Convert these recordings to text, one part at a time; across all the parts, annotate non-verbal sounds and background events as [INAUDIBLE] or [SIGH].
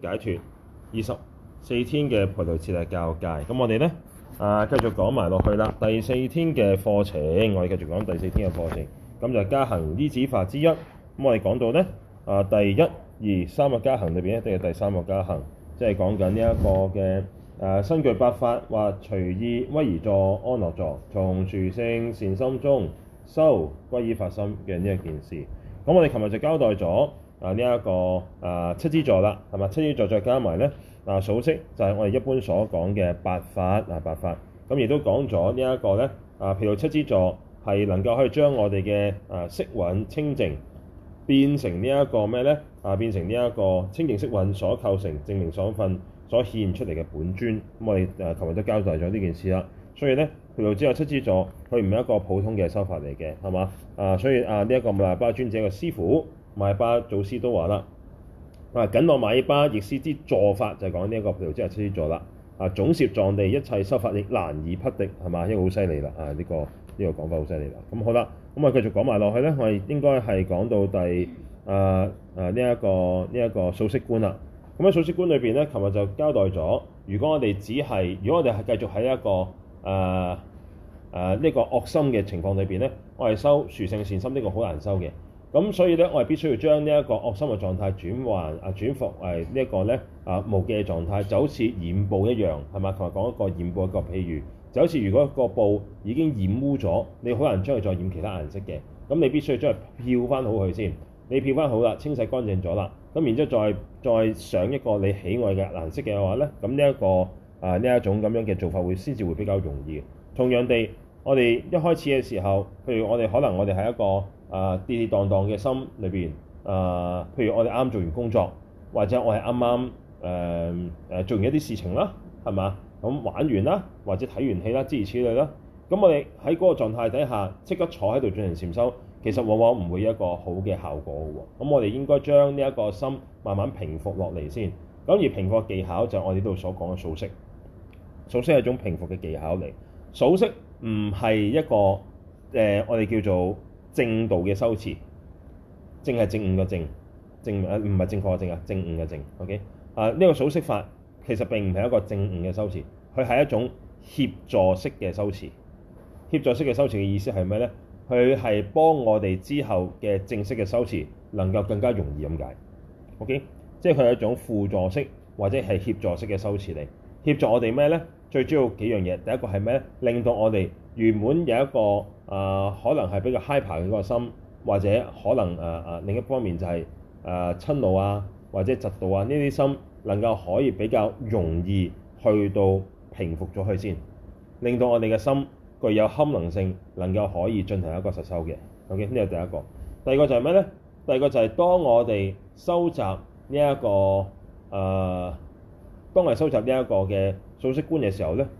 解脫二十四天嘅菩提道次第教授。咁我哋咧啊，繼續講埋落去啦。第四天嘅課程，我哋繼續講第四天嘅課程，咁就係加行依止法之一。咁我哋講到咧啊，第一、二、三嘅加行裏邊一定係第三個加行，即係講緊呢一個嘅誒身具八法或隨宜威儀坐安樂座，從殊勝善心中修皈依發心嘅呢一件事。咁我哋琴日就交代咗。啊！呢、這、一個啊七支座啦，係嘛？七支座再加埋咧，啊數息就係我哋一般所講嘅八法啊八法。咁亦、啊、都講咗呢一個咧啊，譬如七支座係能夠可以將我哋嘅啊色蘊清淨變成呢一個咩咧？啊變成呢一個清淨色蘊所構成、證明爽分、所顯出嚟嘅本尊。咁我哋啊琴日都交代咗呢件事啦。所以咧，譬如只有七支座，佢唔係一個普通嘅修法嚟嘅，係嘛？啊所以啊呢一、這個密不尊者嘅師傅。馬爾巴祖師都話啦，啊，緊我馬爾巴亦師之做法，就係講呢一個毗盧七支坐啦。啊，總攝藏地一切修法亦難以匹敵，係嘛？呢個好犀利啦。啊，呢個呢個講法好犀利啦。咁好啦，咁我繼續講埋落去咧，我係應該係講到第啊啊呢一個呢一個數息觀啦。咁喺數息觀裏邊咧，琴日就交代咗，如果我哋只係，如果我哋係繼續喺一個誒誒呢個惡心嘅情況裏邊咧，我係修殊勝善心呢個好難修嘅。咁所以咧，我哋必須要將呢一個惡心嘅狀態轉換啊，轉服為呢一個咧啊無記嘅狀態，就好似染布一樣，係咪？同埋講一個染布的一個譬如，就好似如果個布已經染污咗，你好難將佢再染其他顏色嘅。咁你必須要將佢漂翻好佢先。你漂翻好啦，清洗乾淨咗啦，咁然之後再再上一個你喜愛嘅顏色嘅話咧，咁呢一個啊呢一種咁樣嘅做法會先至會比較容易的。同樣地，我哋一開始嘅時候，譬如我哋可能我哋係一個。啊！Uh, 跌跌宕宕嘅心裏邊，啊、uh，譬如我哋啱做完工作，或者我係啱啱誒誒做完一啲事情啦，係嘛？咁玩完啦，或者睇完戲啦，諸如此類啦。咁我哋喺嗰個狀態底下即刻坐喺度進行禪修，其實往往唔會一個好嘅效果喎。咁我哋應該將呢一個心慢慢平復落嚟先。咁而平復嘅技巧就係我哋呢度所講嘅數息，數息係一種平復嘅技巧嚟。數息唔係一個誒，uh, 我哋叫做。正道嘅修辭，正係正誤嘅正，正唔係正確嘅正啊，正誤嘅正。OK，啊呢、這個數息法其實並唔係一個正誤嘅修辭，佢係一種協助式嘅修辭。協助式嘅修辭嘅意思係咩咧？佢係幫我哋之後嘅正式嘅修辭能夠更加容易咁解。OK，即係佢係一種輔助式或者係協助式嘅修辭嚟，協助我哋咩咧？最主要幾樣嘢，第一個係咩？令到我哋原本有一個啊、呃，可能係比較 hyper 嘅嗰個心，或者可能啊啊、呃、另一方面就係、是呃、啊瞋怒啊或者嫉妒啊呢啲心能夠可以比較容易去到平復咗佢先，令到我哋嘅心具有堪能性，能夠可以進行一個實修嘅。OK，呢個第一個。第二個就係咩呢？第二個就係當我哋收集呢、這、一個啊。呃當我哋收集呢一個嘅數息觀嘅時候咧，呢、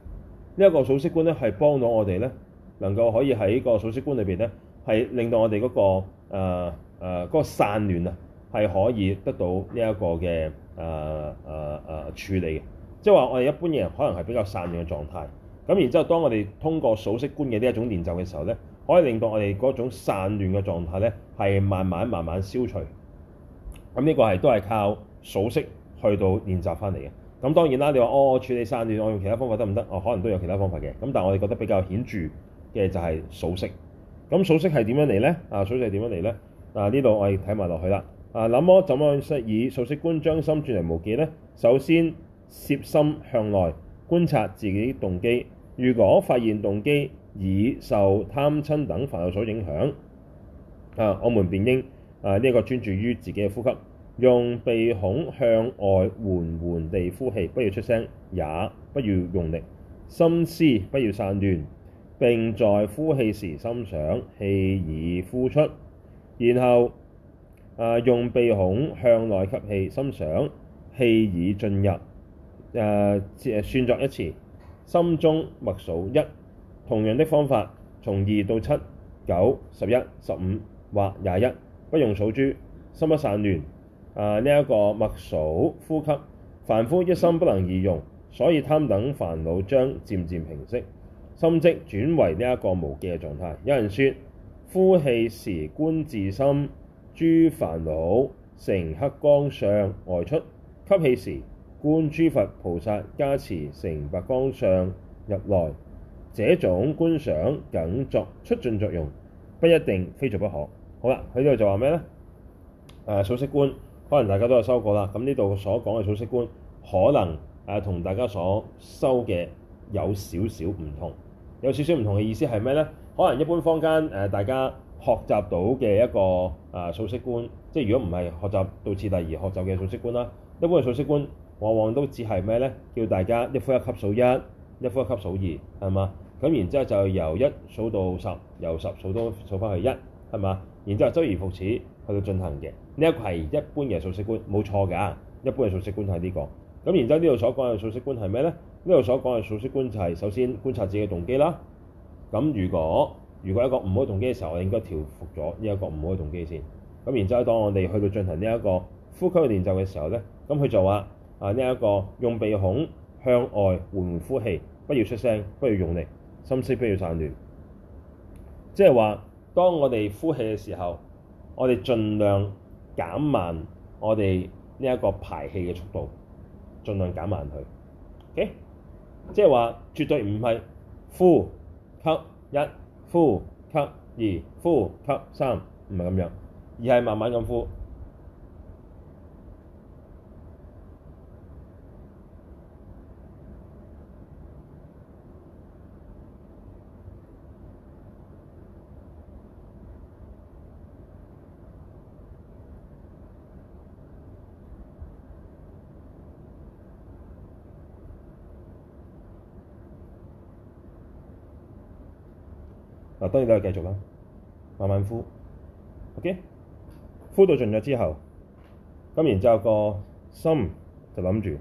這、一個數息觀咧係幫到我哋咧，能夠可以喺個數息觀裏邊咧，係令到我哋嗰、那個誒誒、呃呃那個、散亂啊，係可以得到呢一個嘅誒誒誒處理嘅。即係話我哋一般人可能係比較散亂嘅狀態，咁然之後當我哋通過數息觀嘅呢一種練習嘅時候咧，可以令到我哋嗰種散亂嘅狀態咧係慢慢慢慢消除。咁呢個係都係靠數息去到練習翻嚟嘅。咁當然啦，你話哦，我處理散亂，我用其他方法得唔得？哦，可能都有其他方法嘅。咁但我哋覺得比較顯著嘅就係數息。咁數息係點樣嚟呢？啊，數息係點樣嚟呢？嗱呢度我哋睇埋落去啦。啊，我啊，我怎樣以數息觀將心轉為無記呢？首先攝心向內觀察自己動機，如果發現動機已受貪瞋等煩惱所影響，啊，我們便應啊呢、這個專注於自己嘅呼吸。用鼻孔向外緩緩地呼氣，不要出聲，也不要用力，心思不要散亂。並在呼氣時心想氣已呼出，然後、啊、用鼻孔向內吸氣，心想氣已進入、啊。算作一次，心中默數一。同樣的方法，從二到七、九、十一、十五或廿一，不用數珠，心不散亂。啊！呢、這、一個默數呼吸，凡夫一心不能二用，所以貪等煩惱將漸漸平息，心即轉為呢一個無記嘅狀態。有人說，呼氣時觀自心諸煩惱成黑光相外出；吸氣時觀諸佛菩薩加持成白光相入內。這種觀想僅作促進作用，不一定非做不可。好啦，喺呢度就話咩呢？啊，數息觀。可能大家都有收過啦，咁呢度所講嘅數息觀，可能誒、呃、同大家所收嘅有少少唔同，有少少唔同嘅意思係咩呢？可能一般坊間誒、呃、大家學習到嘅一個誒、呃、數息觀，即係如果唔係學習道次第而學習嘅數息觀啦，一般嘅數息觀往往都只係咩呢？叫大家一呼一吸數一，一呼一吸數二，係嘛？咁然之後就由一數到十，由十數到數翻去一，係嘛？然之後周而復始去到進行嘅，呢一個係一般嘅數息觀，冇錯㗎，一般嘅數息觀係呢個。咁然之後呢度所講嘅數息觀係咩呢？呢度所講嘅數息觀就係首先觀察自己嘅動機啦。咁如果如果一個唔好嘅動機嘅時候，我應該調伏咗呢一個唔好嘅動機先。咁然之後當我哋去到進行呢一個呼吸練習嘅時候呢，咁去做啊、啊呢一個用鼻孔向外緩呼氣，不要出聲，不要用力，心思不要散亂，即係話。當我哋呼氣嘅時候，我哋盡量減慢我哋呢一個排氣嘅速度，盡量減慢佢。O.K.，即係話絕對唔係呼吸一、呼吸二、呼吸三，唔係咁樣，而係慢慢咁呼。當然都係繼續啦，慢慢呼，OK，呼到盡咗之後，咁然之後個心就諗住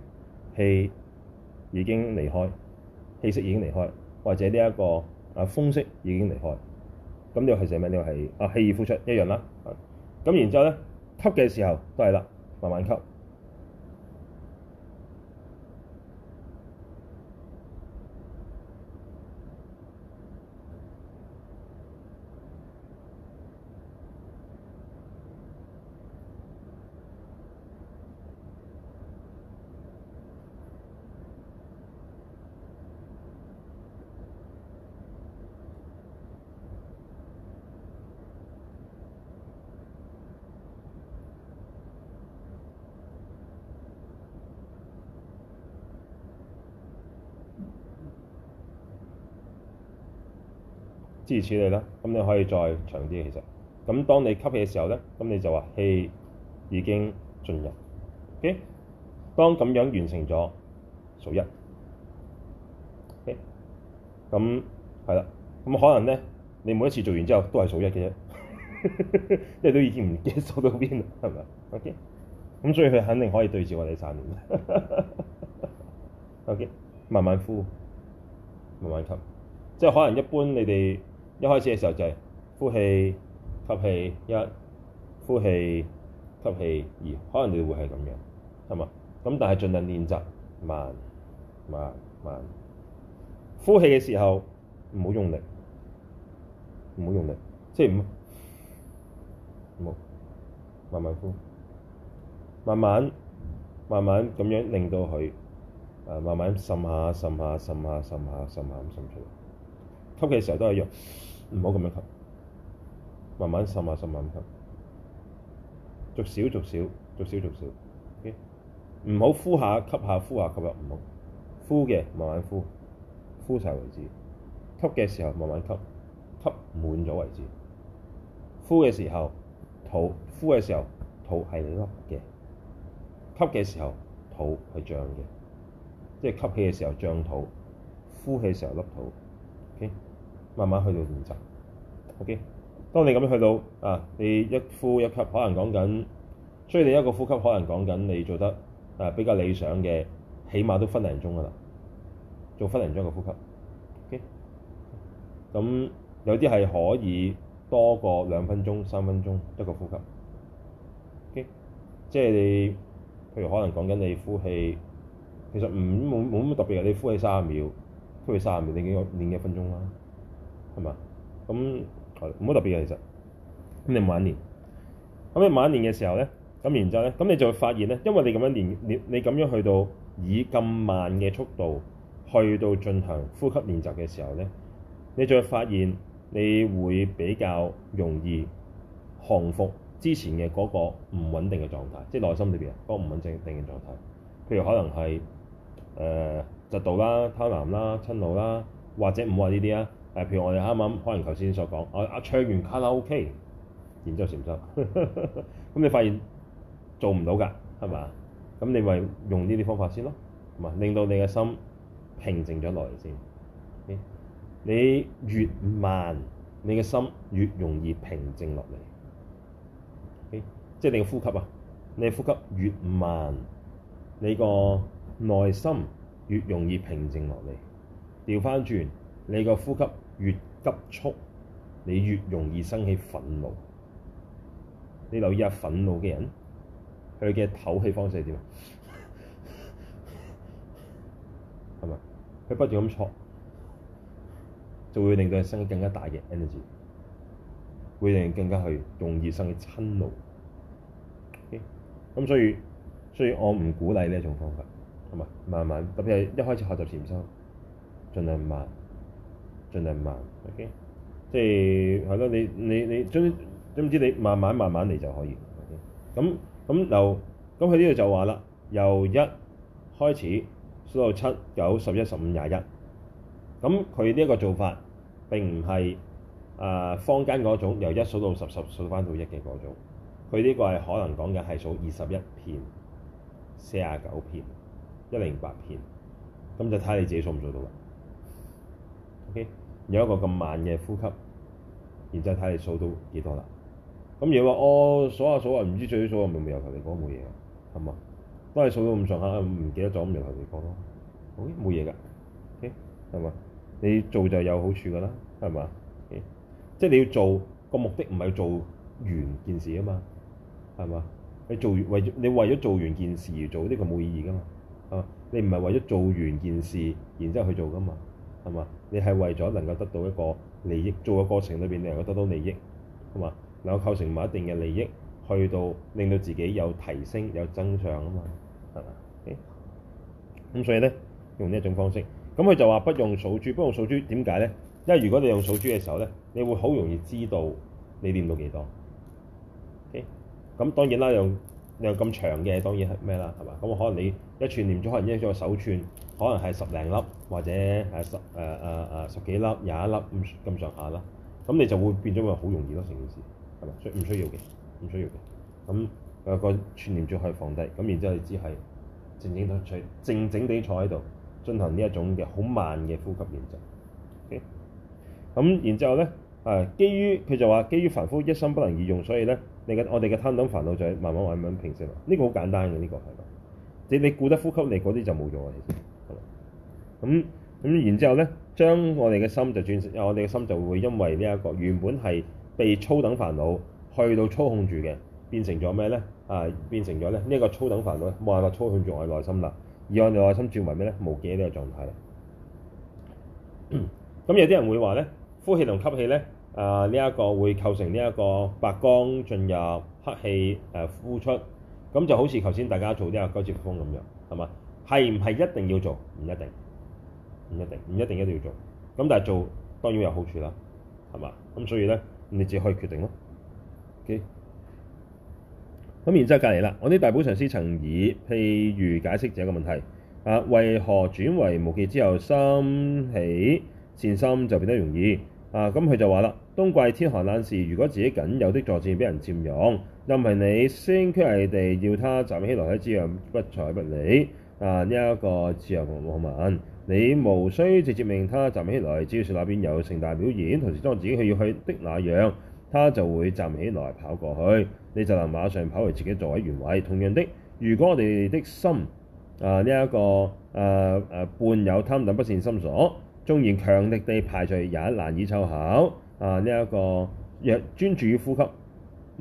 氣已經離開，氣息已經離開，或者呢、這、一個啊風息已經離開，咁呢個係寫咩？呢個係啊氣已呼出一樣啦，咁然之後咧吸嘅時候都係啦，慢慢吸。以此啦，咁你可以再長啲其實，咁當你吸氣嘅時候咧，咁你就話氣已經進入。O、okay? K，當咁樣完成咗，數一。咁係啦，咁可能咧，你每一次做完之後都係數一嘅啫，即 [LAUGHS] 係都已經唔記得數到邊啦，係咪？O K，咁所以佢肯定可以對治我哋散亂。 [LAUGHS] o、okay? K，慢慢呼，慢慢吸，即係可能一般你哋。一開始嘅時候就係呼氣，吸氣一，呼氣，吸氣二，可能你會係咁樣，係嘛？咁但係盡量練習，慢慢慢，呼氣嘅時候唔好用力，唔好用力，即係唔好慢慢呼，慢慢慢慢咁樣令到佢、呃、慢慢滲下滲下滲下滲下滲下咁滲，滲出嚟。吸嘅時候都係一樣，唔好咁樣吸，慢慢滲下滲下吸，逐少逐少，逐少逐少，唔好呼下吸下呼下吸入，唔好，呼嘅，慢慢呼，呼晒為止。吸嘅時候慢慢吸，吸滿咗為止。呼嘅時候肚，呼嘅時候肚係凹嘅，吸嘅時候肚係脹嘅，即係吸氣嘅時候脹肚，呼氣嘅時候凹肚。慢慢去到練習，OK。當你咁樣去到啊，你一呼一吸，可能講緊，所以你一個呼吸可能講緊你做得啊比較理想嘅，起碼都分零鐘噶啦，做一分零鐘嘅呼吸，OK。咁有啲係可以多過兩分鐘、三分鐘一個呼吸，OK 即。即係你譬如可能講緊你呼氣，其實唔冇冇乜特別嘅，你呼氣卅秒，呼氣卅秒，你已經練一分鐘啦。係嘛？咁係唔好特別嘅，其實咁你晚年，咁你晚年嘅時候咧，咁然後咧，咁你就會發現咧，因為你咁樣練練，你咁樣去到以咁慢嘅速度去到進行呼吸練習嘅時候咧，你就會發現你會比較容易降服之前嘅嗰個唔穩定嘅狀態，即係內心裏邊嗰個唔穩定嘅狀態。譬如可能係誒嫉妒啦、貪婪啦、瞋怒啦，或者唔話呢啲啊。譬如我哋啱啱可能頭先所講，我阿唱完卡拉 OK，然之後唸咒，咁你發現做唔到㗎，係咪啊？咁你咪用呢啲方法先咯，唔係令到你嘅心平靜咗落嚟先。你越慢，你嘅心越容易平靜落嚟。即係你嘅呼吸啊，你嘅呼吸越慢，你個內心越容易平靜落嚟。調翻轉，你個呼，呼吸越急促，你越容易生起憤怒。你留意一下憤怒嘅人，佢嘅唞氣方式係點啊？係咪？ [LAUGHS] 佢不斷咁錯，就會令到佢生起更加大嘅 energy，會令他更加去容易生起嗔怒。咁、okay? 所以，所以我唔鼓勵呢一種方法，唔咪？慢慢，特別係一開始學習潛修，儘量慢。盡量慢，OK，即係係咯，你你你你，總之你慢慢慢慢嚟就可以，OK。咁咁就，咁佢呢度就話啦，由一開始數到七、九、十一、十五、廿一，咁佢呢個做法並唔係誒坊間嗰種由一數到十十數翻到一嘅嗰種，佢呢個係可能講嘅係數二十一片、四十九片、一零八片，咁就睇你自己數唔數到啦。有一個咁慢嘅呼吸，然之後睇你數到幾多啦。咁如果我數下數下，唔知最少數我下未？未有求你講冇嘢嘅，係嘛？都係數到咁上下，唔記得咗咁要求你講咯。冇嘢㗎，Okay？係嘛？你做就有好處㗎啦，係嘛？Okay？即係你要做個目的唔係做完件事啊嘛，係嘛？你做完為你為咗做完件事而做呢個冇意義㗎嘛？啊，你唔係為咗做完件事，然之後去做㗎嘛？係嘛？你係為咗能夠得到一個利益，做嘅過程裏邊你能夠得到利益，係嘛？能夠構成某一定嘅利益，去到令到自己有提升、有增長啊嘛，係嘛？咁、okay? 所以咧，用呢一種方式，咁佢就話不用數珠，不用數珠，點解咧？因為如果你用數珠嘅時候咧，你會好容易知道你念到幾多。咁、okay? 當然啦，用。你有咁長嘅當然係咩啦，係嘛？咁可能你一串念珠可能一隻手串，可能係十零粒或者係十誒誒誒十幾粒廿、呃呃、一粒咁咁上下啦。咁你就會變咗咪好容易咯，成件事係咪？唔需要嘅？唔需要嘅。咁、那、誒個串念珠可以放低，咁然之後你只係靜靜地坐，靜靜地坐喺度進行呢一種嘅好慢嘅呼吸練習。咁、okay? 然之後咧、啊、基於佢就話基於凡夫一心不能二用，所以咧。你嘅我哋嘅貪等煩惱就係慢慢慢慢平息啦，呢、這個好簡單嘅呢、這個係。你你顧得呼吸你嗰啲就冇咗啊，其實係。咁咁然之後咧，將我哋嘅心就轉成，我哋嘅心就會因為呢、這、一個原本係被粗等煩惱去到操控住嘅，變成咗咩咧？啊、呃，變成咗咧呢一個粗等煩惱冇辦法操控住我嘅內心啦。而我哋內心轉為咩咧？無記呢個狀態。咁 [COUGHS] 有啲人會話咧，呼氣同吸氣咧。誒呢一個會構成呢一個白光進入黑氣、呃、呼出，咁就好似頭先大家做啲阿膠接骨風咁樣，係嘛？係唔係一定要做？唔一定，唔一定，唔一定一定要做。咁但係做當然有好處啦，係嘛？咁所以咧，你自己可以決定咯。OK，咁然之後隔離啦，我啲大寶上師曾以譬如解釋呢個問題，啊，為何轉為無記之後生起善心就變得容易？啊，咁佢就話啦。冬季天寒冷時，如果自己僅有的座墊俾人佔用，任係你聲色俱厲地要他站起來，照樣不睬不理。啊呢一、這個自由和平民，你無需直接命他站起來，只要説那邊有盛大表演，同時裝自己去要去的那樣，他就會站起來跑過去，你就能馬上跑回自己座位原位。同樣的，如果我哋的心啊呢一、這個、啊、伴有貪等不善心所，縱然強力地排除，也難以奏效。啊！呢一個若專注於呼吸，呢、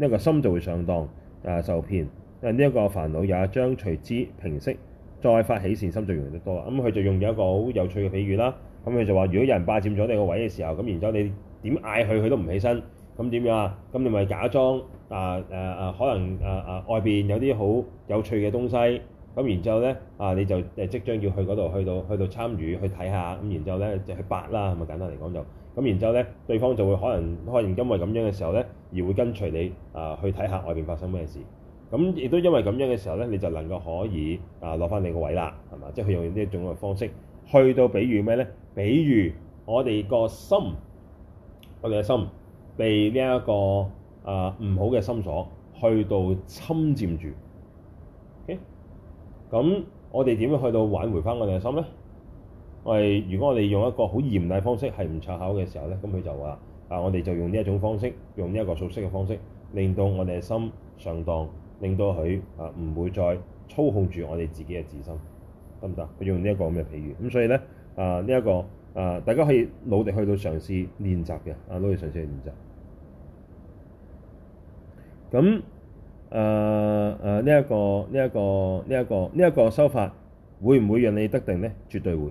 這、一個心就會上當，啊受騙，呢、這、一個煩惱也將隨之平息，再發起善心就容易得多啦。咁佢、嗯、就用咗一個好有趣嘅比喻啦。咁、嗯、佢就話：如果有人霸佔咗你個位嘅時候，咁然之後你點嗌佢，佢都唔起身，咁點樣啊？咁你咪假裝啊，啊可能啊啊外邊有啲好有趣嘅東西，咁然之後咧啊你就即將要去嗰度，去到去到參與去睇下，咁然之後咧就去拔啦，咁咪簡單嚟講就。咁然之後咧，對方就會可能可能因為咁樣嘅時候咧，而會跟隨你啊、呃、去睇下外面發生咩事。咁亦都因為咁樣嘅時候咧，你就能夠可以啊攞翻你個位啦，係嘛？即係用呢一種嘅方式去到比喻呢，比如咩咧？比如我哋個心，我哋嘅心被呢、這、一個啊唔、呃、好嘅心所去到侵佔住。咁、okay? 我哋點樣去到挽回翻我哋嘅心咧？我哋如果我哋用一個好嚴厲方式，係唔插口嘅時候咧，咁佢就話：啊，我哋就用呢一種方式，用呢一個熟悉嘅方式，令到我哋嘅心上當，令到佢啊唔會再操控住我哋自己嘅自心，得唔得？佢用呢一個咁嘅比喻。咁所以咧啊，呢一個啊，大家可以努力去到嘗試練習嘅啊，努力嘗試去練習。咁啊啊，呢一個呢一個呢一個呢一個修法會唔會讓你得定咧？絕對會。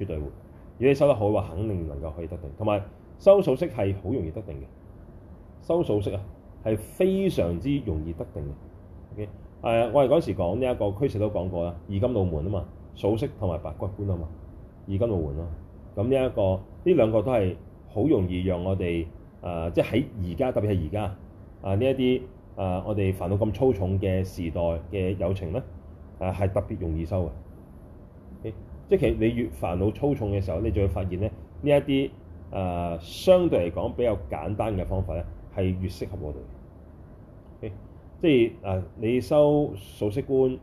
絕對，如果你收得好嘅話，肯定能夠可以得定。同埋收數息係好容易得定嘅，收數息啊係非常之容易得定嘅。OK，誒、呃，我哋嗰時講呢一個區勢都講過啦。二甘露門啊嘛，數息同埋白骨觀啊嘛，二甘露門咯。咁呢一個，呢兩個都係好容易讓我哋誒、呃，即係喺而家特別係而家啊呢一啲誒，我哋煩到咁粗重嘅時代嘅友情咧，誒、呃、係特別容易收嘅。即係其實你越煩惱粗重嘅時候，你就會發現咧，呢一啲誒相對嚟講比較簡單嘅方法咧，係越適合我哋。Okay? 即係誒、呃，你修數息觀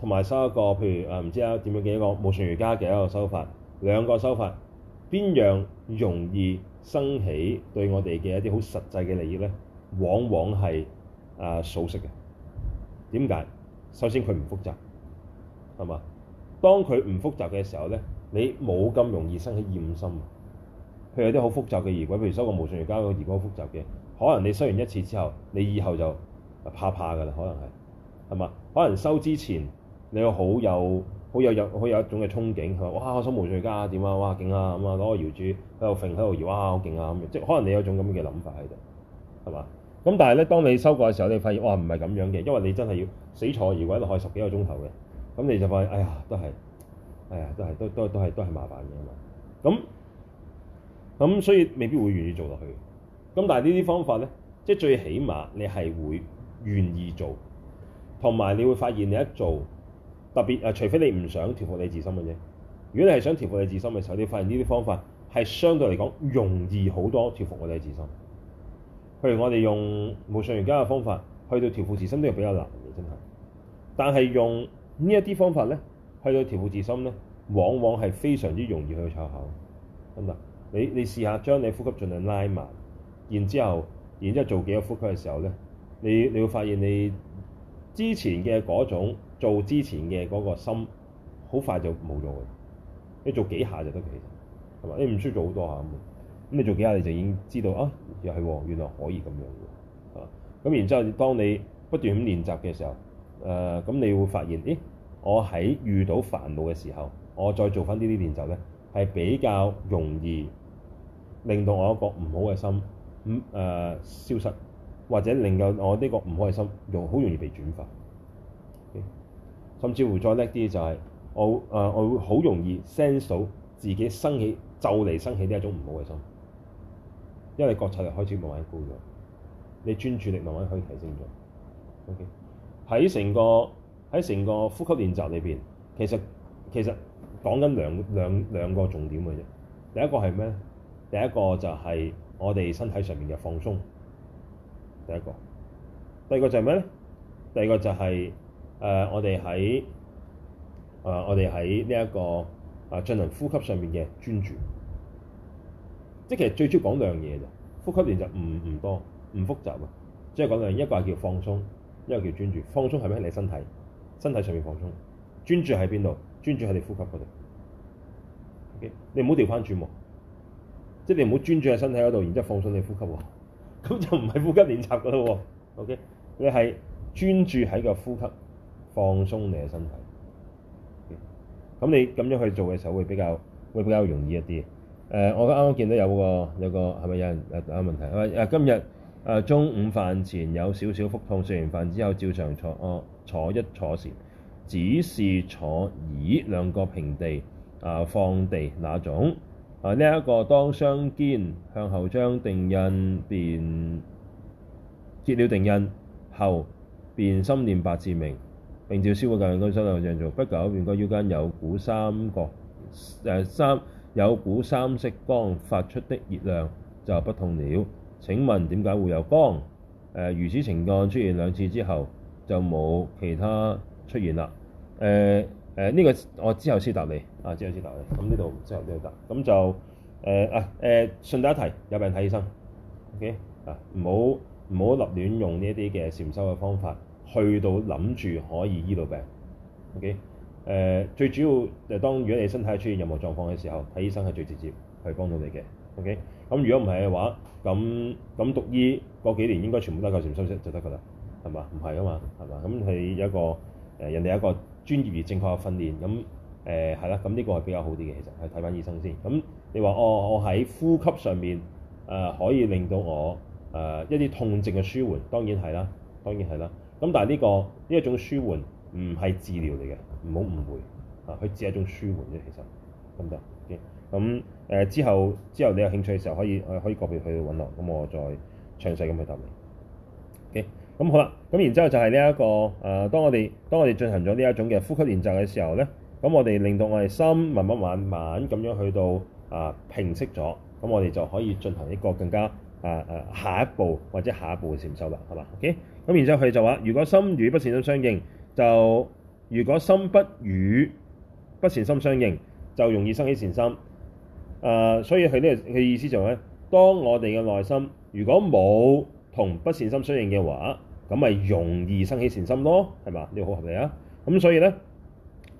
同埋修一個，譬如誒唔、呃、知啊點樣嘅一個無上瑜伽嘅一個修法，兩個修法邊樣容易生起對我哋嘅一啲好實際嘅利益咧？往往係誒數息嘅。點、呃、解？首先佢唔複雜，係嘛？當佢唔複雜嘅時候咧，你冇咁容易生起厭心。譬如有啲好複雜嘅儀軌，譬如收個無上瑜伽嗰個儀軌好複雜嘅，可能你收完一次之後，你以後就怕怕嘅啦，可能係係嘛？可能收之前你好有好有有好有一種嘅憧憬。佢話哇我收無上瑜伽點啊，哇勁啊咁啊攞個搖珠喺度揈，喺度搖，哇好勁啊咁樣，即係可能你有一種咁嘅諗法喺度係嘛？咁但係咧，當你收過嘅時候，你會發現哇唔係咁樣嘅，因為你真係要死坐儀軌落去十幾個鐘頭嘅。咁你就發現：哎呀，都係，哎呀，都係，都都都係，都係麻煩嘅嘛。咁咁，所以未必會願意做落去。咁但係呢啲方法咧，即係最起碼你係會願意做，同埋你會發現你一做特別誒，除非你唔想調服你自身嘅啫。如果你係想調服你自身嘅時候，你發現呢啲方法係相對嚟講容易好多調服我哋自身。譬如我哋用無上瑜伽嘅方法去到調服自身都係比較難嘅，真係。但係用。呢一啲方法咧，去到調伏自心咧，往往係非常之容易去去湊口，真㗎。你你試下將你呼吸盡量拉慢，然之後，然之後做幾個呼吸嘅時候咧，你你會發現你之前嘅嗰種做之前嘅嗰個心，好快就冇咗嘅。你做幾下就得嘅，係嘛？你唔需要做好多下咁。咁你做幾下你就已經知道啊，又係、哦、原來可以咁樣嘅。啊，咁然之後，當你不斷咁練習嘅時候。誒咁，呃、你會發現，咦、欸？我喺遇到煩惱嘅時候，我再做翻呢啲練習咧，係比較容易令到我一個唔好嘅心、嗯呃，消失，或者令到我呢個唔好嘅心，容好容易被轉化。Okay? 甚至乎再叻啲就係、是，我、呃、我會好容易 sense 到自己生起就嚟生起呢一種唔好嘅心，因為覺察力開始慢慢高咗，你專注力慢慢可以提升咗。OK。喺成個喺成個呼吸練習裏邊，其實其實講緊兩兩兩個重點嘅啫。第一個係咩？第一個就係我哋身體上面嘅放鬆。第一個。第二個就係咩咧？第二個就係誒我哋喺誒我哋喺呢一個誒進行呼吸上面嘅專注。即係其實最主要講兩嘢啫。呼吸練習唔唔多唔複雜啊，即係講兩，一個叫放鬆。一個叫專注，放鬆係咩？喺你身體，身體上面放鬆，專注喺邊度？專注喺你呼吸嗰度。OK，你唔好調翻轉喎，即係你唔好專注喺身體嗰度，然之後放鬆你呼吸喎，咁就唔係呼吸練習噶啦。OK，你係專注喺個呼吸，放鬆你嘅身體。OK，咁你咁樣去做嘅時候會比較會比較容易一啲。誒、呃，我啱啱見到有一個有一個係咪有人誒問問題？今日？中午飯前有少少腹痛，食完飯之後照常坐、啊、坐一坐時，只是坐椅兩個平地啊放地那種。啊呢一、這個當雙肩向後張定印，便結了定印後，便心念八字明，並照師父教樣做。不久，原覺腰間有股三角誒、啊、三有股三色光發出的熱量就不痛了。請問點解會有光誒、呃、如此情況出現兩次之後就冇其他出現啦？誒誒呢個我之後先答你啊，之後先答你。咁呢度之後都要答。咁就誒啊誒順帶一提，有病睇醫生。OK 啊，唔好唔好立亂用呢啲嘅禪修嘅方法，去到諗住可以醫到病。OK 誒、啊，最主要就當如果你身體出現任何狀況嘅時候，睇醫生係最直接去幫到你嘅。OK。咁如果唔係嘅話，咁咁讀醫嗰幾年應該全部都係靠自我休息就得㗎啦，係嘛？唔係㗎嘛，係嘛？咁佢有一個誒人哋一個專業而正確嘅訓練，咁誒係啦，咁、呃、呢個係比較好啲嘅，其實係睇翻醫生先。咁你話哦，我喺呼吸上面誒、呃、可以令到我誒、呃、一啲痛症嘅舒緩，當然係啦，當然係啦。咁但係、這、呢個呢一種舒緩唔係治療嚟嘅，唔好誤會啊，佢只係一種舒緩啫，其實得唔得？行咁誒、呃，之後之後，你有興趣嘅時候可以可以個別去揾我，咁我再詳細咁去答你。O K，咁好啦，咁然之後就係呢一個誒、呃，當我哋當我哋進行咗呢一種嘅呼吸練習嘅時候咧，咁我哋令到我哋心慢慢慢慢咁樣去到啊平息咗，咁我哋就可以進行一個更加、啊啊、下一步或者下一步嘅禪修啦，係嘛？O K，咁然之後佢就話，如果心與不善心相應，就如果心不與不善心相應，就容易生起善心。誒，uh, 所以佢、這、呢個佢意思就係、是、咧，當我哋嘅內心如果冇同不善心相應嘅話，咁咪容易生起善心咯，係嘛？呢、這個好合理啊。咁所以咧，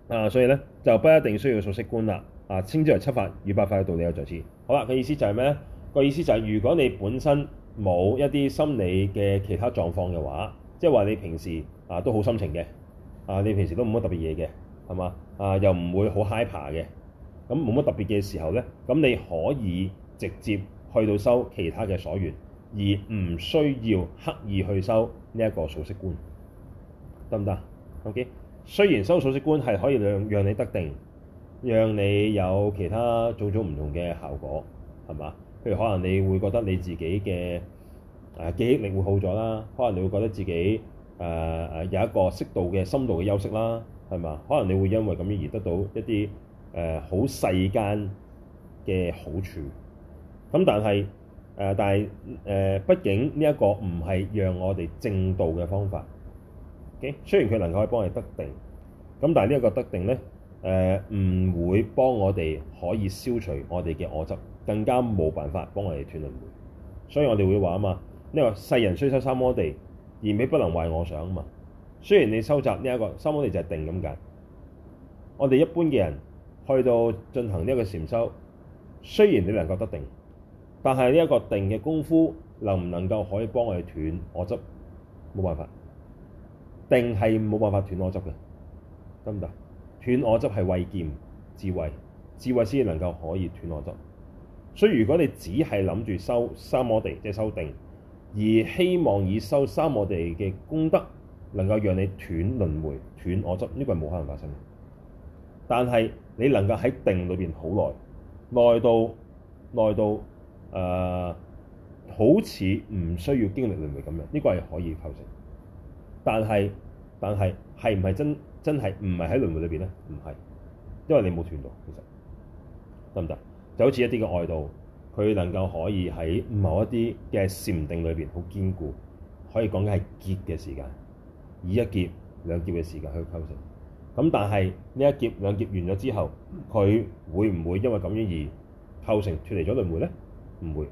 啊、uh，所以咧就不一定需要數息觀啦。啊，稱之為七法，與八法嘅道理又在此。好啦，佢意思就係咩咧？個意思就係、是、如果你本身冇一啲心理嘅其他狀況嘅話，即係話你平時啊、uh, 都好心情嘅，啊、uh, 你平時都冇乜特別嘢嘅，係嘛？啊、uh, 又唔會好 high 怕嘅。咁冇乜特別嘅時候呢，咁你可以直接去到收其他嘅所緣，而唔需要刻意去收呢一個數息觀，得唔得？OK，雖然收數息觀係可以讓讓你得定，讓你有其他種種唔同嘅效果，係嘛？譬如可能你會覺得你自己嘅誒、啊、記憶力會好咗啦，可能你會覺得自己、啊、有一個適度嘅深度嘅休息啦，係嘛？可能你會因為咁樣而得到一啲，誒好、呃、世間嘅好處，咁但係誒、呃，但係誒、呃，畢竟呢一個唔係讓我哋正道嘅方法。O.K. 雖然佢能夠幫我哋得定，咁但係呢一個得定咧，誒、呃、唔會幫我哋可以消除我哋嘅我執，更加冇辦法幫我哋斷輪迴。所以我哋會話啊嘛，呢、這個世人雖修三摩地，而彼不能壞我想啊嘛。雖然你收集呢、這、一個三摩地就係定咁解，我哋一般嘅人。去到進行呢個禪修，雖然你能夠得定，但係呢一個定嘅功夫，能唔能夠可以幫我哋斷我執？冇辦法，定係冇辦法斷我執嘅，得唔得？斷我執係慧劍智慧智慧，先能夠可以斷我執。所以如果你只係諗住修三摩地，即係修定，而希望以修三摩地嘅功德能夠讓你斷輪迴、斷我執，呢個係冇可能發生嘅。但係，你能夠喺定裏邊好耐，耐到耐到誒、呃，好似唔需要經歷輪迴咁樣，呢個係可以構成。但係但係係唔係真真係唔係喺輪迴裏邊咧？唔係，因為你冇斷到，其實得唔得？就好似一啲嘅愛道，佢能夠可以喺某一啲嘅禪定裏邊好堅固，可以講緊係劫嘅時間，以一劫兩劫嘅時間去構成。咁但係呢一劫兩劫完咗之後，佢會唔會因為咁樣而構成脫離咗輪迴呢？唔會，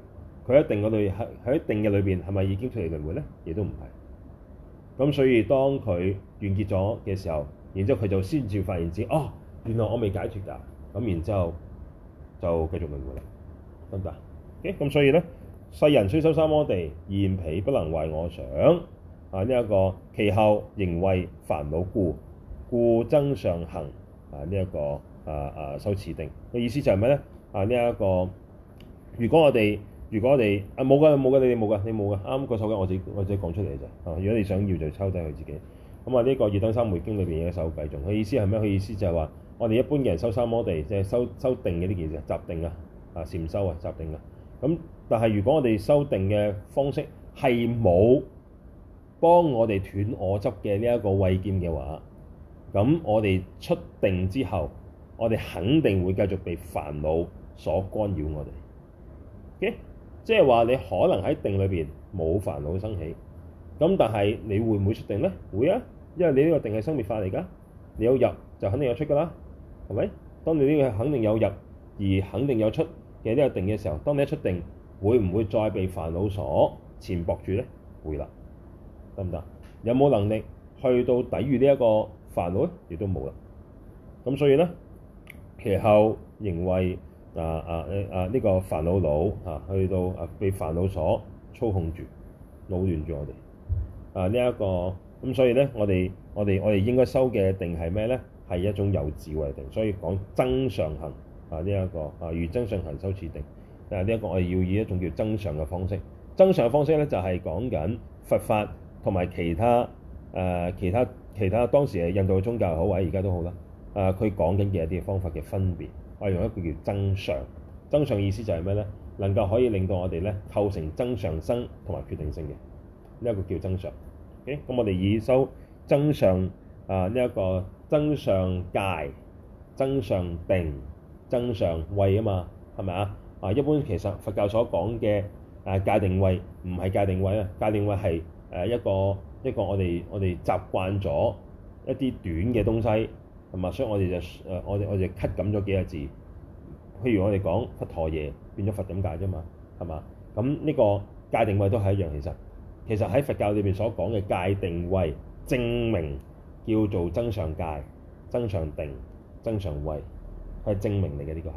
佢一定嗰對喺喺一定嘅裏邊係咪已經脫離輪迴呢？亦都唔係。咁所以當佢完結咗嘅時候，然之後佢就先至發現知哦，原來我未解決㗎。咁然之後就，就繼續輪迴啦，得唔得？咁、okay, 所以呢，世人雖修三摩地，然彼不能壞我想啊！呢、這、一個其後仍為煩惱故。故增上行啊！呢一個啊啊修持定嘅意思就係咩咧？啊呢一，這個，如果我哋如果我哋啊冇噶冇噶，你哋冇噶你冇噶啱個數嘅，我自己我自己講出嚟嘅啫。啊，如果你想要就抽低佢自己咁啊。呢，這個《月燈三昧經》裏邊有一首偈，仲佢意思係咩？佢意思就係話，我哋一般嘅人修三摩地，即係修修定嘅呢件事，集定啊啊，禪修啊，集定啊。咁但係如果我哋修定嘅方式係冇幫我哋斷我執嘅呢一個慧劍嘅話，咁我哋出定之後，我哋肯定會繼續被煩惱所干擾。我哋、okay? 即係話，你可能喺定裏面冇煩惱生起，咁但係你會唔會出定呢？會啊，因為你呢個定係生滅法嚟噶，你有入就肯定有出噶啦，係咪？當你呢個肯定有入而肯定有出嘅呢個定嘅時候，當你一出定，會唔會再被煩惱所纏縛住呢？會啦，啊，得唔得？有冇能力去到抵禦呢一個？煩惱咧，亦都冇啦。咁所以咧，其後仍為啊啊啊呢、啊這個煩惱佬啊，去到啊被煩惱所操控住、攪亂住我哋啊呢一個。咁、啊、所以咧，我哋我哋我哋應該修嘅定係咩咧？係一種有智為定。所以講增上行啊，呢、這、一個啊，如增上行修此定。啊，呢、這、一個我哋要以一種叫增上嘅方式。增上嘅方式咧，就係講緊佛法同埋其他誒其他。啊其他其他當時嘅印度嘅宗教好，或者而家都好啦。誒、啊，佢講緊嘅一啲方法嘅分別，我用一個叫增上。增上意思就係咩咧？能夠可以令到我哋咧構成增上生同埋決定性嘅，呢、這、一個叫增上。誒，咁我哋以修增上啊，呢、這、一個增上戒、增上定、增上慧啊嘛，係咪啊？啊，一般其實佛教所講嘅誒戒定慧唔係戒定慧，戒定慧啊，戒定慧係誒一個。呢個我哋我哋習慣咗一啲短嘅東西，同埋所以我哋就誒我哋我哋 cut 咗幾個字。譬如我哋講佛陀耶，變咗佛咁解啫嘛？係嘛？咁呢個戒定慧都係一樣其，其實其實喺佛教裏面所講嘅戒定慧證明叫做增上戒、增上定、增上慧，係證明嚟嘅呢個係。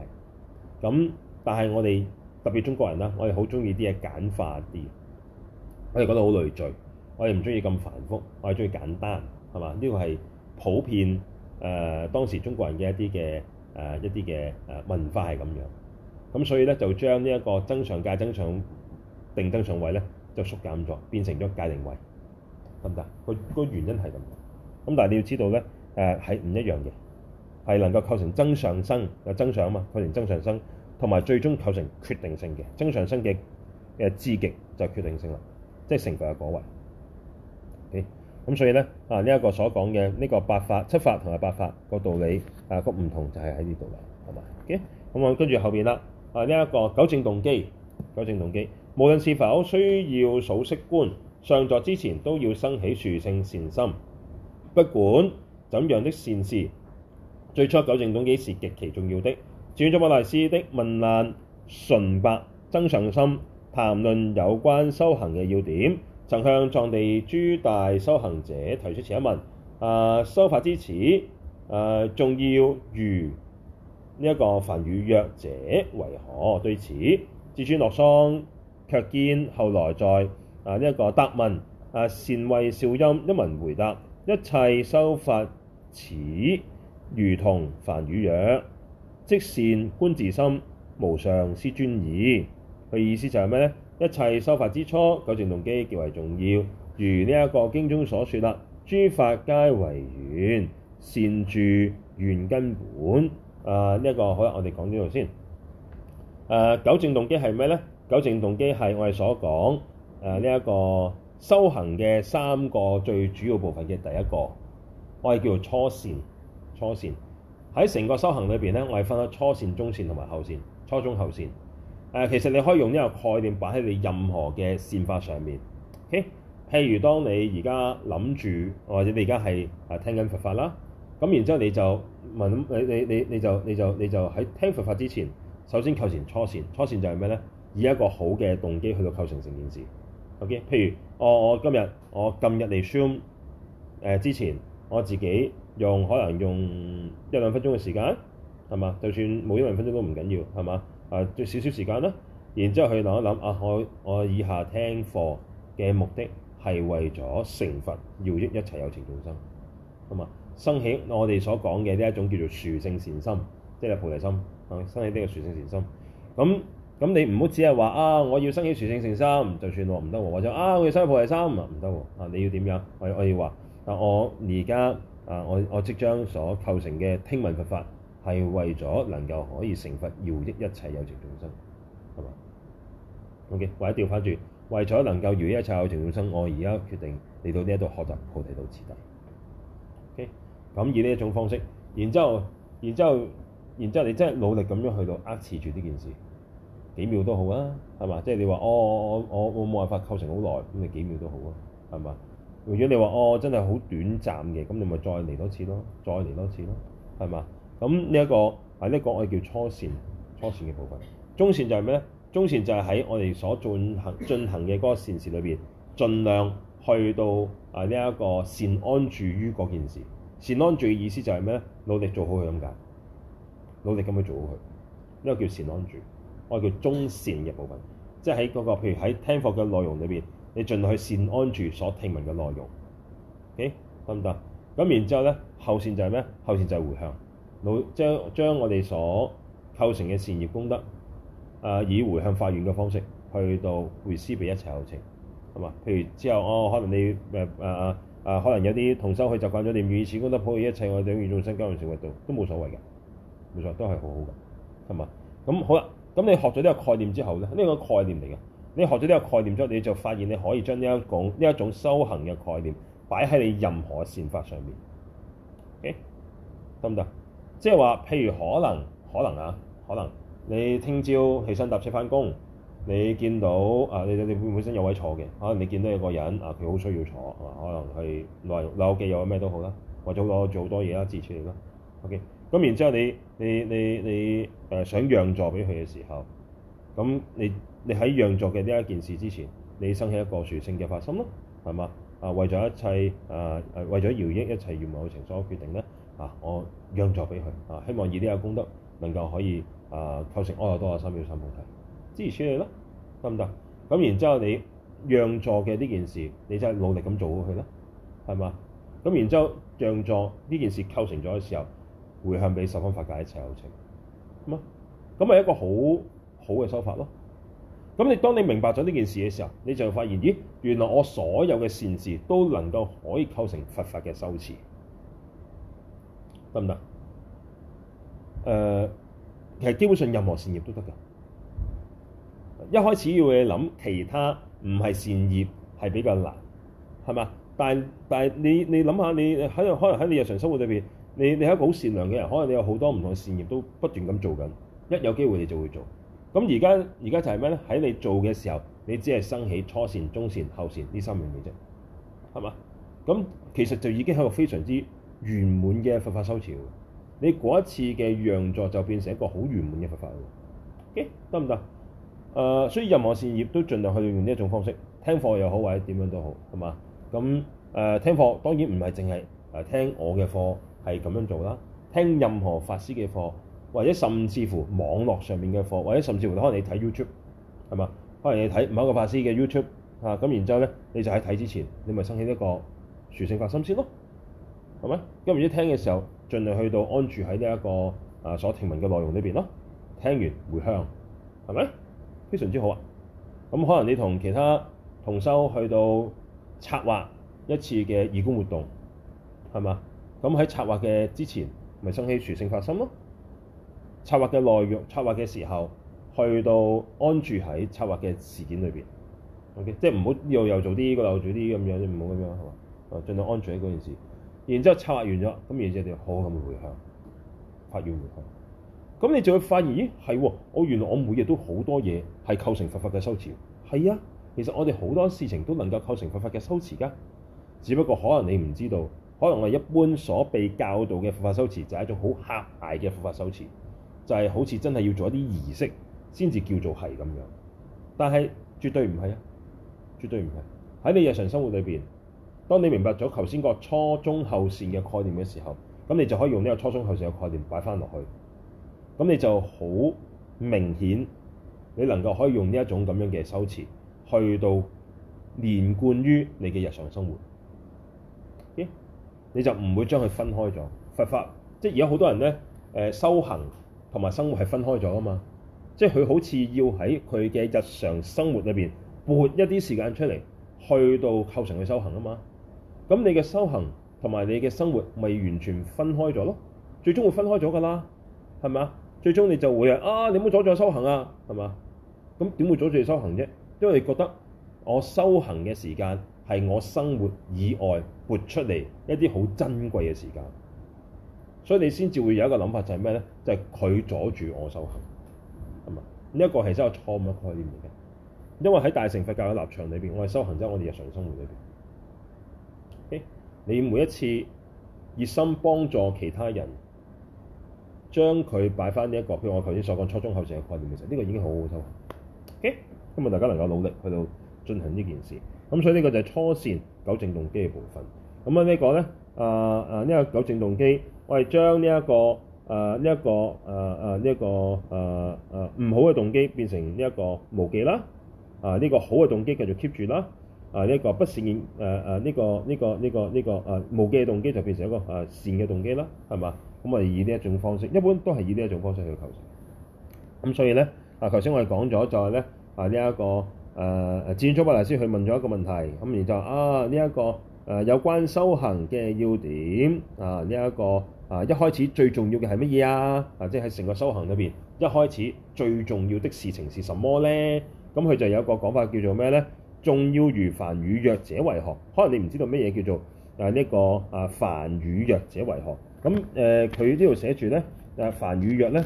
咁但係我哋特別中國人啦，我哋好中意啲嘢簡化啲，我哋覺得好累贅。我哋唔中意咁繁複，我哋中意簡單，係嘛？呢個係普遍誒、呃、當時中國人嘅一啲嘅誒一啲嘅誒文化係咁樣的。咁所以咧就將呢一個增上戒、增上定、增上慧咧就縮減咗，變成咗戒定慧得唔得？佢個原因係咁。咁但係你要知道咧誒係唔一樣嘅，係能夠構成增上生有增上嘛構成增上生，同埋最終構成決定性嘅增上生嘅誒至極就係決定性啦，即、就、係、是、成就嘅果位。咁所以咧，啊呢一、這個所講嘅呢、這個八法、七法同埋八法個道理，啊、那個唔同就係喺呢度啦，係嘛？嘅咁我跟住後邊啦，啊呢一、這個糾正動機，糾正動機，無論是否需要數息觀，上座之前，都要生起殊勝善心，不管怎樣的善事，最初糾正動機是極其重要的。至尊宗喀巴大師的問難純白增上心，談論有關修行嘅要點。曾向藏地諸大修行者提出前一問，啊，修法之始，啊，仲要如呢一個梵語曰者為何？對此，至尊洛桑卻堅後來在啊呢一、這個答問，啊，善意笑音」一文回答：一切修法，始，如同梵語曰，即善觀自心，無上師尊意。佢意思就係咩咧？一切修法之初，糾正動機極為重要。如呢一個經中所說啦，諸法皆為緣，善住願根本。啊，呢、這、一個好啦，我哋講呢度先。誒、啊，糾正動機係咩咧？糾正動機係我哋所講誒呢一個修行嘅三個最主要部分嘅第一個，我哋叫做初善。初善喺成個修行裏邊咧，我哋分咗初善、中善同埋後善，初中後善。誒、呃，其實你可以用呢個概念擺喺你任何嘅善法上面。Okay? 譬如當你而家諗住，或者你而家係啊聽緊佛法啦，咁然之後你就問你你你你就你就你就喺聽佛法之前，首先構成初善。初善就係咩咧？以一個好嘅動機去到構成成件事。O.K.，譬如我、哦、我今日我今日嚟 Zoom 誒之前，我自己用可能用一兩分鐘嘅時間，係嘛？就算冇一兩分鐘都唔緊要，係嘛？誒，最、啊、少少時間啦，然之後去諗一諗，啊，我我以下聽課嘅目的係為咗成佛，要益一切有情眾生，咁啊，生起我哋所講嘅呢一種叫做殊勝善心，即係菩提心，生起呢個殊勝善心。咁咁你唔好只係話啊，我要生起殊勝善心就算喎，唔得喎，或者啊，我要生起菩提心啊，唔得喎，啊，你要點樣？我我要話啊，我而家啊，我我即將所構成嘅聽聞佛法。係為咗能夠可以成佛，饒益一切有情眾生，係嘛？OK，或者調翻轉，為咗能夠饒一切有情眾生，我而家決定嚟到呢一度學習菩提道次第。OK，咁以呢一種方式，然之後，然之後，然之後，你真係努力咁樣去到扼持住呢件事，幾秒都好啊，係嘛？即係你話，哦，我我我我冇辦法構成好耐，咁你幾秒都好啊，係嘛？如果你話，哦，真係好短暫嘅，咁你咪再嚟多次咯，再嚟多次咯，係嘛？咁呢一個呢個個，這個，我哋叫初善，初善嘅部分。中善就係咩咧？中善就係喺我哋所進行進行嘅嗰個善事裏邊，儘量去到啊呢一，這個善安住於嗰件事。善安住嘅意思就係咩咧？努力做好佢咁解，努力咁樣做好佢呢，這個叫善安住，我哋叫中善嘅部分，即係喺嗰個譬如喺聽課嘅內容裏邊，你盡量去善安住所聽聞嘅內容，OK 得唔得？咁然之後咧後善就係咩咧？後善就係回向。老將將我哋所構成嘅善業功德，啊，以回向法緣嘅方式去到回施俾一切有情，係嘛？譬如之後哦，可能你誒誒誒誒，可能有啲同修去習慣咗念與此功德普於一切我等眾生皆能成佛道都冇所謂嘅，冇錯，都係好的是好嘅，係嘛？咁好啦，咁你學咗呢個概念之後咧，呢個概念嚟嘅，你學咗呢個概念之後，你就發現你可以將呢一種呢一種修行嘅概念擺喺你任何善法上面，誒得唔得？即係話，譬如可能，可能啊，可能你聽朝起身搭車翻工，你見到啊，你你你本身有位坐嘅？可、啊、能你見到有個人啊，佢好需要坐，啊，可能係攞攞記有咩都好啦，為咗攞做好多嘢啦，支持你啦。OK，咁然之後你你你你誒、呃、想讓座俾佢嘅時候，咁你你喺讓座嘅呢一件事之前，你生起一個殊勝嘅發心咯，係嘛？啊，為咗一切啊，為咗饒益一切業緣情所決定咧。啊！我讓座俾佢啊，希望以呢個功德能夠可以啊構成阿耨多羅三藐三菩提，支持處理咯，得唔得？咁然之後你讓座嘅呢件事，你真係努力咁做佢啦，係嘛？咁然之後讓座呢件事構成咗嘅時候，回向俾十方法界一切有情，咁啊，咁咪一個很好好嘅修法咯。咁你當你明白咗呢件事嘅時候，你就發現咦，原來我所有嘅善事都能夠可以構成佛法嘅修持。得唔得？誒、呃，其實基本上任何善業都得㗎。一開始要你諗其他唔係善業係比較難，係嘛？但係但係你，你諗下，你喺可能喺你日常生活裏邊，你，你係一個好善良嘅人，可能你有好多唔同嘅善業都不斷咁做緊。一有機會你就會做。咁而家而家就係咩咧？喺你做嘅時候，你只係生起初善、中善、後善呢三樣嘢啫，係嘛？咁其實就已經係個非常之～圓滿嘅佛法修潮，你嗰一次嘅讓座就變成一個好圓滿嘅佛法喎，OK 得唔得？誒、呃，所以任何善業都盡量去用呢一種方式，聽課又好，或者點樣都好，係嘛？咁誒、呃、聽課當然唔係淨係誒聽我嘅課，係咁樣做啦。聽任何法師嘅課，或者甚至乎網絡上面嘅課，或者甚至乎可能你睇 YouTube 係嘛？可能你睇某一個法師嘅 YouTube 啊，咁然之後咧，你就喺睇之前，你咪生起一個殊勝發心先咯。係咪？因唔知聽嘅時候，盡量去到安住喺呢一個啊，所聽聞嘅內容裏邊咯。聽完回向係咪？非常之好、啊。咁可能你同其他同修去到策劃一次嘅義工活動係嘛？咁喺策劃嘅之前，咪生起殊勝發心咯。策劃嘅內容，策劃嘅時候，去到安住喺策劃嘅事件裏邊。O.K.，即係唔好又又做啲、這、流、個、做啲、這、咁、個、樣，唔好咁樣係嘛？啊，盡量安住喺嗰件事。然之後擦完咗，咁然之後你就好咁回向，法院回向，咁你就會發現，咦係喎，我原來我每日都好多嘢係構成佛法嘅修持。係啊，其實我哋好多事情都能夠構成佛法嘅修持㗎，只不過可能你唔知道，可能我哋一般所被教導嘅佛法修持就係一種好狹隘嘅佛法修持，就係、是、好似真係要做一啲儀式先至叫做係咁樣，但係絕對唔係啊，絕對唔係喺你日常生活裏邊。當你明白咗頭先個初中後線嘅概念嘅時候，咁你就可以用呢個初中後線嘅概念擺翻落去，咁你就好明顯，你能夠可以用呢一種咁樣嘅修持去到連貫於你嘅日常生活，咦？你就唔會將佢分開咗。佛法即係而家好多人咧，誒修行同埋生活係分開咗啊嘛，即係佢好似要喺佢嘅日常生活裏邊撥一啲時間出嚟，去到構成佢修行啊嘛。咁你嘅修行同埋你嘅生活咪完全分開咗咯？最終會分開咗噶啦，係咪啊？最終你就會啊，啊，你唔好阻住我修行啊，係嘛？咁點會阻住你修行啫？因為你覺得我修行嘅時間係我生活以外撥出嚟一啲好珍貴嘅時間，所以你先至會有一個諗法就係咩咧？就係佢阻住我修行，係咪？呢一個係真係錯誤嘅概念嚟嘅，因為喺大乘佛教嘅立場裏面，我哋係修行即係我哋日常生活裏面。o、okay. 你每一次熱心幫助其他人，將佢擺翻呢一個，譬如我頭先所講初中後剩嘅概念其實呢個已經很好好收。OK，今日大家能夠努力去到進行呢件事，咁所以呢個就係初線糾正動機嘅部分。咁啊呢、呃這個咧，啊啊呢個糾正動機，我係將呢、這、一個啊呢一個啊啊呢一個啊啊唔好嘅動機變成呢一個無記啦，啊、呃、呢、這個好嘅動機繼續 keep 住啦。啊！呢、這個不善嘅誒呢個呢、這個呢、這個無記嘅動機就變成一個誒、啊、善嘅動機啦，係嘛？咁我哋以呢一種方式，一般都係以呢一種方式去求財。咁所以咧，啊頭先我哋講咗就係咧啊呢一個誒至尊宗喀巴大師去問咗一個問題，咁然就啊呢一、這個、啊、有關修行嘅要點啊呢一、這個啊一開始最重要嘅係乜嘢啊？即係成個修行裏面，一開始最重要的事情是什麼咧？咁佢就有個講法叫做咩咧？重要如梵語曰者為何，可能你唔知道咩嘢叫做啊呢、這個啊梵語曰者為何。咁、嗯、誒，佢、呃、呢度寫住咧啊梵語曰咧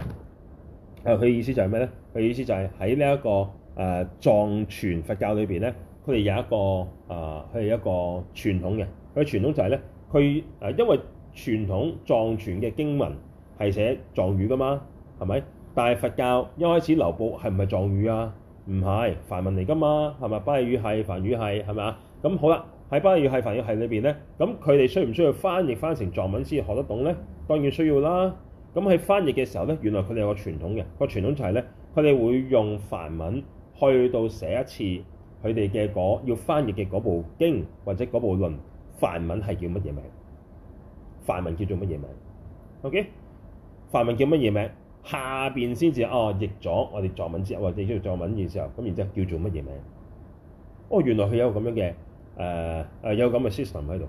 啊，佢、啊、意思就係咩咧？佢意思就係喺呢一個誒、啊、藏傳佛教裏邊咧，佢哋有一個啊，佢哋一個傳統嘅。佢傳統就係咧，佢誒因為傳統藏傳嘅經文係寫藏語噶嘛，係咪？但係佛教一開始流布係唔係藏語啊？唔係梵文嚟噶嘛，係咪？巴利語係梵語係，係咪啊？咁好啦，喺巴利語係梵語係裏面咧，咁佢哋需唔需要翻譯翻譯成藏文先學得懂咧？當然需要啦。咁喺翻譯嘅時候咧，原來佢哋有個傳統嘅，個傳統就係咧，佢哋會用梵文去到寫一次佢哋嘅嗰要翻譯嘅嗰部經或者嗰部論，梵文係叫乜嘢名？梵文叫做乜嘢名？OK，梵文叫乜嘢名？下邊先至哦譯咗，我哋藏文之後，我哋知道藏文嘅時候，咁然之後叫做乜嘢名字？哦，原來佢有咁樣嘅誒誒，有咁嘅 system 喺度。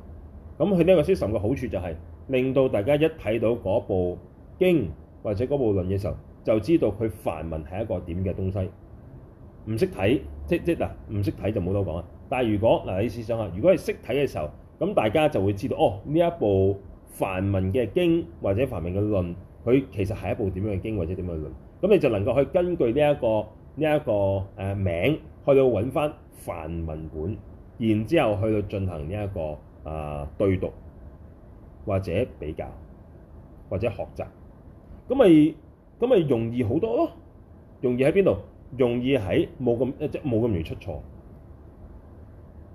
咁佢呢個 system 嘅好處就係、是、令到大家一睇到嗰部經或者嗰部論嘅時候，就知道佢梵文係一個點嘅東西。唔識睇即即嗱，唔識睇就冇多講啦。但係如果嗱、呃，你試想下，如果係識睇嘅時候，咁大家就會知道哦，呢一部梵文嘅經或者梵文嘅論。佢其實係一部點樣嘅經或者點樣嘅論，咁你就能夠去根據呢、這、一個呢一、這個誒名去到揾翻梵文本，然之後去到進行呢、這、一個啊、呃、對讀或者比較或者學習，咁咪咁咪容易好多咯。容易喺邊度？容易喺冇咁即係冇咁容易出錯，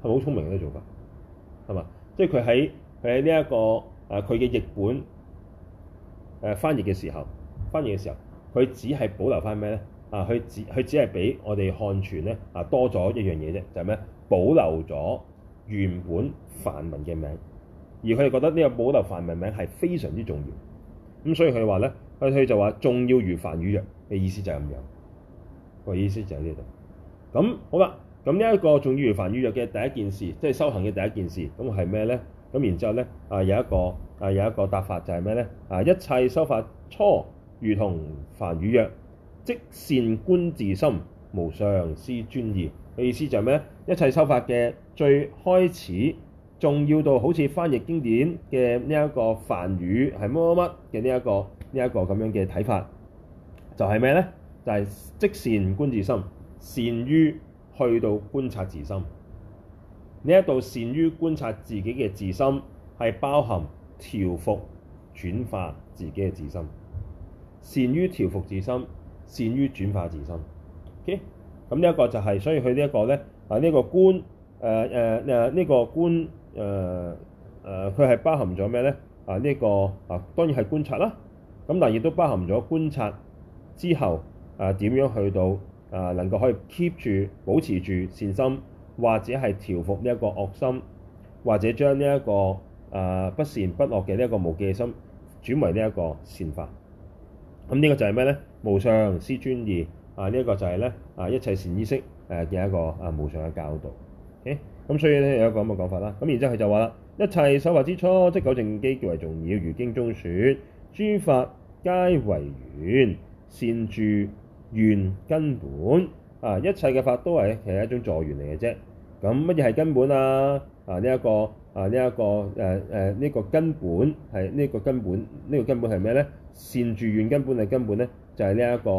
係咪好聰明呢做法？係嘛？即係佢喺佢喺呢一個佢嘅譯本。誒、呃、翻譯嘅時候，翻譯嘅時候，佢只係保留翻咩咧？啊，佢只佢只係俾我哋漢傳咧啊多咗一樣嘢啫，就係、是、咩？保留咗原本梵文嘅名，而佢哋覺得呢個保留梵文名係非常之重要。咁所以佢話咧，佢佢就話重要如梵語曰嘅意思就係咁樣，個意思就喺呢度。咁好啦，咁呢一個重要如梵語曰嘅第一件事，即係修行嘅第一件事，咁係咩咧？咁然之後咧啊、呃、有一個。啊，有一個答法就係咩咧？啊，一切修法初，如同梵語曰，即善觀自心，無上師尊意。嘅意思就係咩？一切修法嘅最開始重要到好似翻譯經典嘅、這個這個、呢一個梵語係乜乜乜嘅呢一個呢一個咁樣嘅睇法，就係咩咧？就係即善觀自心，善於去到觀察自心呢一度善於觀察自己嘅自心係包含。調服、轉化自己嘅自身，善於調服自身，善於轉化自身。OK，咁呢一個就係、是，所以佢呢一個咧啊，呢個觀，誒誒誒呢個觀，誒誒佢係包含咗咩咧？啊呢、這個啊當然係觀察啦。咁但亦都包含咗觀察之後啊，點樣去到啊能夠可以 keep 住保持住善心，或者係調服呢一個惡心，或者將呢、這、一個。誒、啊、不善不惡嘅呢一個無記心轉為呢一個善法，咁、啊、呢、這個就係咩咧？無上師尊意啊！呢、這、一個就係咧啊一切善意識誒嘅一個啊無上嘅教導。咁、okay? 所以咧有一個咁嘅講法啦。咁、啊、然之後佢就話啦：一切修法之初，即糾正動機極為重要，如經中說，諸法皆為緣，善住願根本啊！一切嘅法都係係一種助緣嚟嘅啫。咁乜嘢係根本啊？啊呢一、這個。啊！呢一個誒誒呢個根本係呢、這個根本呢、這個根本係咩咧？善住願根本係根本咧，就係呢一個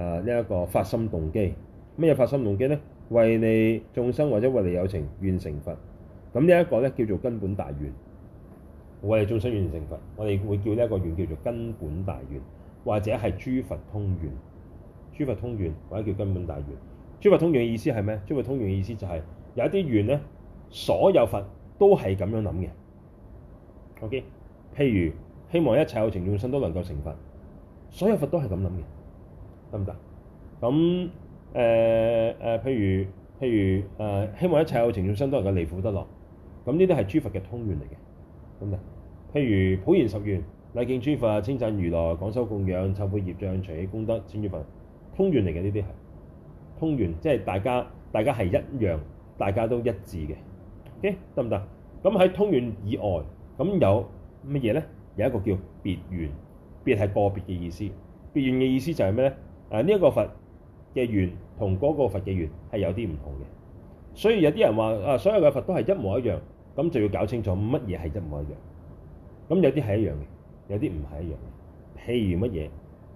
啊呢一、這個發心動機。乜嘢發心動機咧？為你眾生或者為你有情願成佛。咁呢一個咧叫做根本大願。為你眾生願成佛，我哋會叫呢一個願叫做根本大願，或者係諸佛通願、諸佛通願或者叫根本大願。諸佛通願嘅意思係咩？諸佛通願嘅意思就係、是、有一啲願咧，所有佛，都係咁樣諗嘅，OK。譬如希望一切有情眾生都能夠成佛，所有佛都係咁諗嘅，得唔得？咁誒誒，譬如譬如誒，希望一切有情眾生都，都，、呃呃呃、都能夠離苦得樂，咁呢啲係諸佛嘅通願嚟嘅，啱唔啱？譬如普賢十願、禮敬諸佛、稱讚如來、廣修供養、懺悔業障、隨喜功德、千願佛，通願嚟嘅呢啲係通願，即係大家大家係一樣，大家都一致嘅。得唔得？咁喺、okay，通願以外，咁有乜嘢咧？有一個叫別願，別係個別嘅意思。別願嘅意思就係咩咧？誒呢一個佛嘅願同嗰個佛嘅願係有啲唔同嘅。所以有啲人話啊，所有嘅佛都係一模一樣，咁就要搞清楚乜嘢係一模一樣。咁有啲係一樣嘅，有啲唔係一樣嘅。譬如乜嘢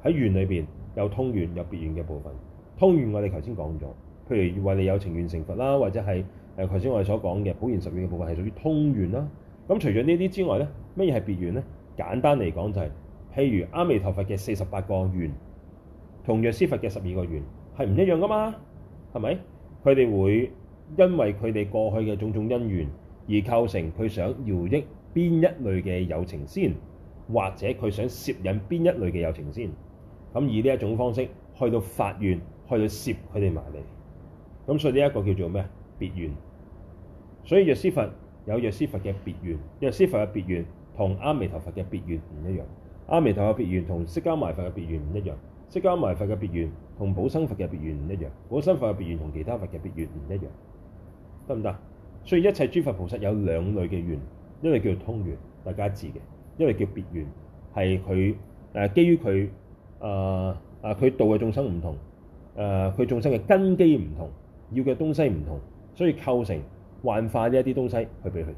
喺願裏邊有通願，有別願嘅部分。通願我哋頭先講咗，譬如話你有情願成佛啦，或者係。誒，頭先我哋所講嘅普賢十願嘅部分係屬於通願啦。咁除咗呢啲之外咧，咩係別願咧？簡單嚟講就係、是、譬如阿彌陀佛嘅四十八個願，同藥師佛嘅十二個願係唔一樣噶嘛？係咪？佢哋會因為佢哋過去嘅種種因緣而構成佢想饒益邊一類嘅有情先，或者佢想攝引邊一類嘅有情先，咁以呢一種方式去到發願去到攝佢哋埋嚟。咁所以呢一個叫做咩？別緣，所以藥師佛有藥師佛嘅別緣，藥師佛嘅別緣同阿彌陀佛嘅別緣唔一樣，阿彌陀佛嘅別緣同釋迦牟尼佛嘅別緣唔一樣，釋迦牟尼佛嘅別緣同寶生佛嘅別緣唔一樣，寶生佛嘅別緣同其他佛嘅別緣唔一樣，得唔得？所以一切諸佛菩薩有兩類嘅緣，一類叫通緣，大家一致嘅；一類叫別緣，係佢誒基於佢誒誒佢度嘅眾生唔同，誒佢眾生嘅根基唔同，要嘅東西唔同。所以構成幻化呢一啲東西，去俾佢哋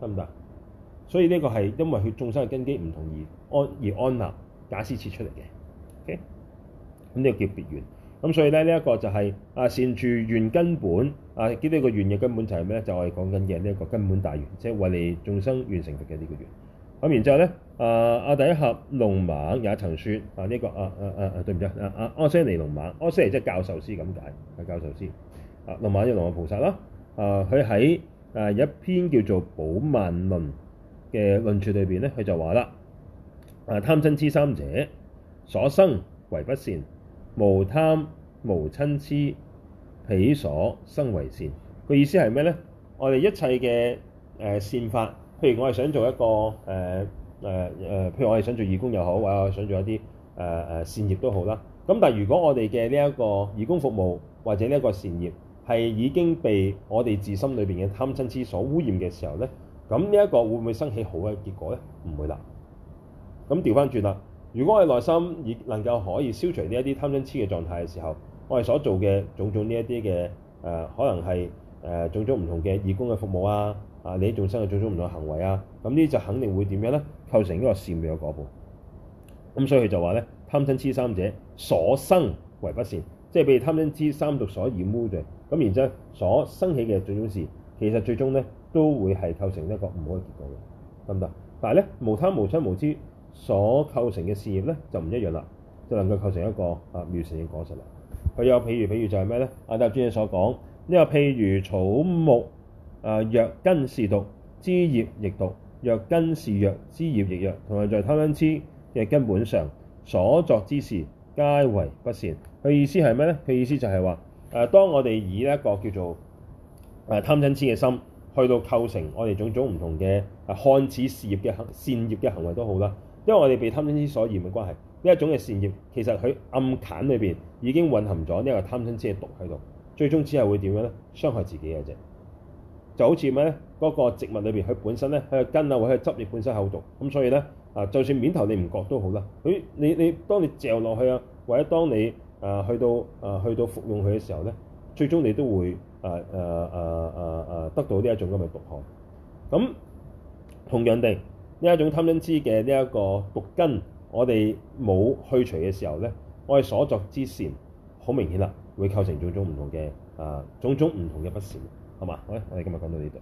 得唔得？所以呢個係因為佢眾生嘅根基唔同而安而安立假施設出嚟嘅。OK，咁呢個叫別緣。咁所以咧，呢一個就係、是、啊善住願根本啊，幾、這、多個願嘅根本就係咩咧？就係講緊嘅呢一個根本大願，即、就、係、是、為你眾生完成佛嘅呢個願。咁然之後咧，啊啊第一盒龍猛也曾說啊呢個啊啊對不啊對唔住啊啊阿闍黎龍猛阿闍黎即係教授師咁解係教授師。啊，龍猛又龍樹菩薩啦。啊，佢喺啊一篇叫做《寶鬘論》嘅論處裏邊咧，佢就話啦：啊，貪瞋痴三者，所生為不善，無貪無瞋痴，彼所生為善。個意思係咩咧？我哋一切嘅誒善法，譬如我係想做一個誒誒誒，譬如我係想做義工又好，或者我想做一啲誒誒善業都好啦。咁但係如果我哋嘅呢一個義工服務或者呢一個善業，係已經被我哋自心裏邊嘅貪瞋痴所污染嘅時候咧，咁呢一個會唔會生起好嘅結果咧？唔會啦。咁調翻轉啦，如果我哋內心已能夠可以消除呢一啲貪瞋痴嘅狀態嘅時候，我哋所做嘅種種呢一啲嘅誒，可能係誒、呃、種種唔同嘅義工嘅服務啊，啊，你眾生嘅種種唔同行為啊，咁呢就肯定會點樣咧？構成呢個善嘅果報。咁所以佢就話咧，貪瞋痴三者所生為不善。即係被如貪嗔痴三毒所染污嘅，咁然之後所生起嘅最終事，其實最終咧都會係構成一個唔好嘅結果嘅，得唔得？但係咧無貪無嗔無痴所構成嘅事業咧就唔一樣啦，就能夠構成一個啊妙成嘅果實啦。佢有譬如譬如就係咩咧？阿底峽尊者所講呢個譬如草木啊，若根是毒，枝葉亦毒；若根是藥，枝葉亦藥。同埋在貪嗔痴嘅根本上所作之事皆為不善。佢意思係咩咧？佢意思就係話誒，當我哋以一個叫做誒、啊、貪嗔痴嘅心去到構成我哋種種唔同嘅、啊、看似事業嘅善業嘅行為都好啦，因為我哋被貪嗔痴所染嘅關係，呢一種嘅善業其實佢暗砍裏邊已經蘊含咗呢個貪嗔痴嘅毒喺度，最終只係會點樣咧？傷害自己嘅啫，就好似咩咧？嗰、那個植物裏邊佢本身咧，喺個根啊，或者枝葉本身有毒咁，所以咧啊，就算面頭你唔覺都好啦，佢你你當你嚼落去啊，或者當你。誒、啊、去到誒、啊、去到服用佢嘅時候咧，最終你都會誒誒誒誒誒得到呢一種咁嘅毒害。咁同樣地，呢一種貪瞋癡嘅呢一個毒根，我哋冇去除嘅時候咧，我哋所作之善，好明顯啦，會構成種種唔同嘅誒、啊、種種唔同嘅不善。好嘛，好，我哋今日講到呢度。